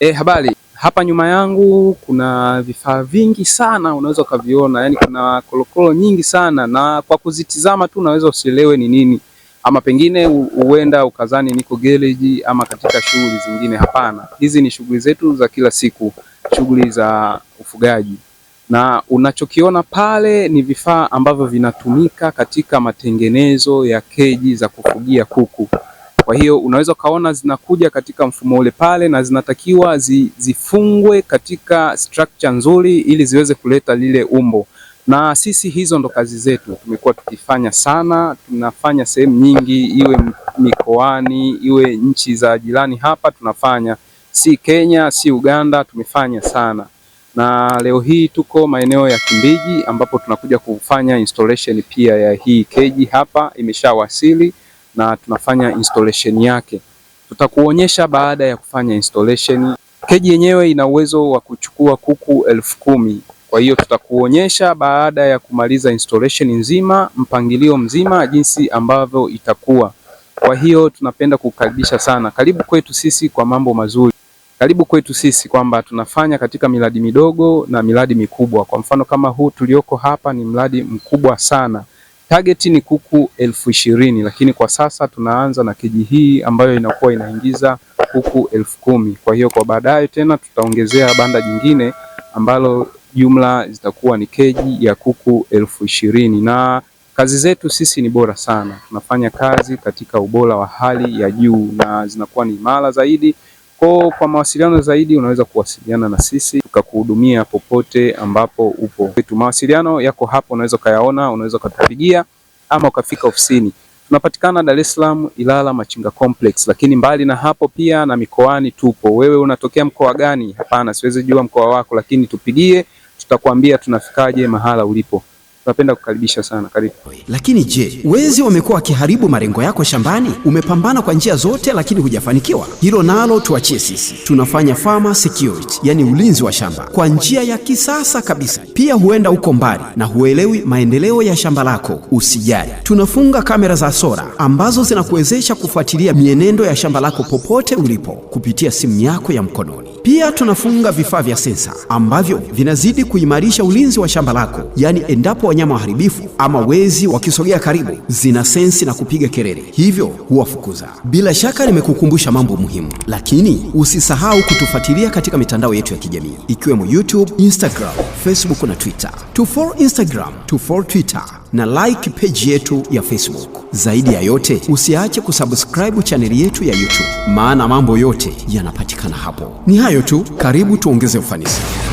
E, habari. Hapa nyuma yangu kuna vifaa vingi sana unaweza ukaviona, yaani kuna korokoro nyingi sana, na kwa kuzitizama tu unaweza usielewe ni nini, ama pengine huenda ukazani niko gereji ama katika shughuli zingine. Hapana, hizi ni shughuli zetu za kila siku, shughuli za ufugaji, na unachokiona pale ni vifaa ambavyo vinatumika katika matengenezo ya keji za kufugia kuku. Kwa hiyo unaweza ukaona zinakuja katika mfumo ule pale, na zinatakiwa zi, zifungwe katika structure nzuri ili ziweze kuleta lile umbo, na sisi hizo ndo kazi zetu tumekuwa tukifanya sana. Tunafanya sehemu nyingi, iwe mikoani, iwe nchi za jirani hapa tunafanya, si Kenya si Uganda, tumefanya sana na leo hii tuko maeneo ya Kimbiji ambapo tunakuja kufanya installation pia ya hii keji hapa, imeshawasili na tunafanya installation yake. Tutakuonyesha baada ya kufanya installation. Keji yenyewe ina uwezo wa kuchukua kuku elfu kumi. Kwa hiyo tutakuonyesha baada ya kumaliza installation nzima, mpangilio mzima, jinsi ambavyo itakuwa. Kwa hiyo tunapenda kukaribisha sana, karibu kwetu sisi kwa mambo mazuri, karibu kwetu sisi kwamba tunafanya katika miradi midogo na miradi mikubwa. Kwa mfano kama huu tulioko hapa ni mradi mkubwa sana. Target ni kuku elfu ishirini lakini kwa sasa tunaanza na keji hii ambayo inakuwa inaingiza kuku elfu kumi. Kwa hiyo kwa baadaye tena tutaongezea banda jingine ambalo jumla zitakuwa ni keji ya kuku elfu ishirini na kazi zetu sisi ni bora sana, tunafanya kazi katika ubora wa hali ya juu na zinakuwa ni imara zaidi. Kwa, kwa mawasiliano zaidi unaweza kuwasiliana na sisi tukakuhudumia popote ambapo upo. Mawasiliano yako hapo, unaweza ukayaona, unaweza ukatupigia ama ukafika ofisini. Tunapatikana Dar es Salaam Ilala Machinga Complex, lakini mbali na hapo pia na mikoani tupo. Wewe unatokea mkoa gani? Hapana, siwezi jua mkoa wako, lakini tupigie, tutakwambia tunafikaje mahala ulipo tunapenda kukaribisha sana, karibu. Lakini je, wezi wamekuwa wakiharibu malengo yako shambani? Umepambana kwa njia zote, lakini hujafanikiwa? Hilo nalo tuachie sisi, tunafanya farmer security, yani ulinzi wa shamba kwa njia ya kisasa kabisa. Pia huenda uko mbali na huelewi maendeleo ya shamba lako, usijali, tunafunga kamera za sora ambazo zinakuwezesha kufuatilia mienendo ya shamba lako popote ulipo kupitia simu yako ya mkononi. Pia tunafunga vifaa vya sensa ambavyo vinazidi kuimarisha ulinzi wa shamba lako, yaani endapo wanyama waharibifu ama wezi wakisogea karibu, zina sensi na kupiga kelele, hivyo huwafukuza. Bila shaka nimekukumbusha mambo muhimu, lakini usisahau kutufuatilia katika mitandao yetu ya kijamii ikiwemo YouTube, Instagram Facebook na Twitter, 24 Instagram, 24 Twitter na like page yetu ya Facebook. Zaidi ya yote, usiache kusubscribe chaneli yetu ya YouTube, maana mambo yote yanapatikana hapo. Ni hayo tu, karibu tuongeze ufanisi.